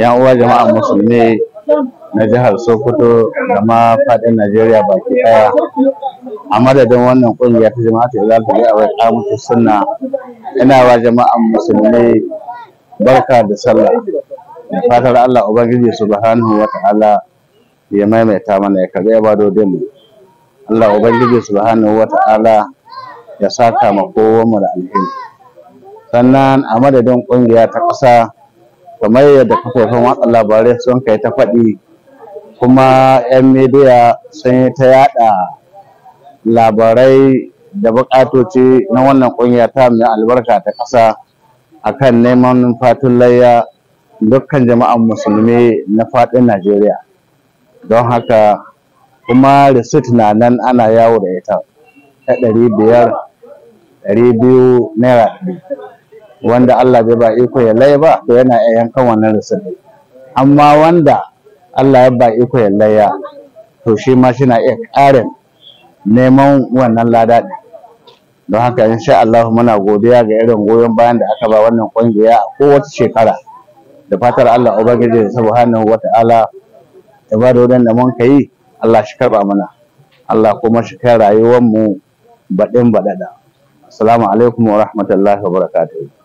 yan uwa jama'an musulmi na jihar sokoto da ma fadin najeriya baki daya a madadin wannan kungiya ta jama'a ta za ta ga a mutu suna. ina wa jama'an musulmi barka da sallah da fatar allah ubangiji subhanahu wa ta'ala ya maimaita mana ya karbi dodo mu allah ubangiji subhanahu wa ta'ala ya saka ma kowanmu da alheri sannan a madadin kungiya ta ƙasa kamar yadda kafofin watsa labarai sun kai ta faɗi kuma 'yan media sun yi ta yada labarai da bukatoci na wannan kungiya ta mai albarka ta ƙasa akan neman fatun layya dukkan jama'an musulmi na faɗin najeriya don haka kuma risit na nan ana yawo da ita ta ɗari biyar ɗari naira wanda Allah bai ba iko ya laye ba to yana iya yankan wannan risali amma wanda Allah ya ba iko ya laya to shi ma shi na iya ƙarin neman wannan lada don haka insha Allah muna godiya ga irin goyon bayan da aka ba wannan ƙungiya ko wata shekara da fatar Allah ubangiji da subhanahu wata'ala ya ba da wadan da mun kai Allah shi karba mana Allah kuma shi kai rayuwar mu baɗin baɗaɗa assalamu alaikum wa rahmatullahi wa barakatuh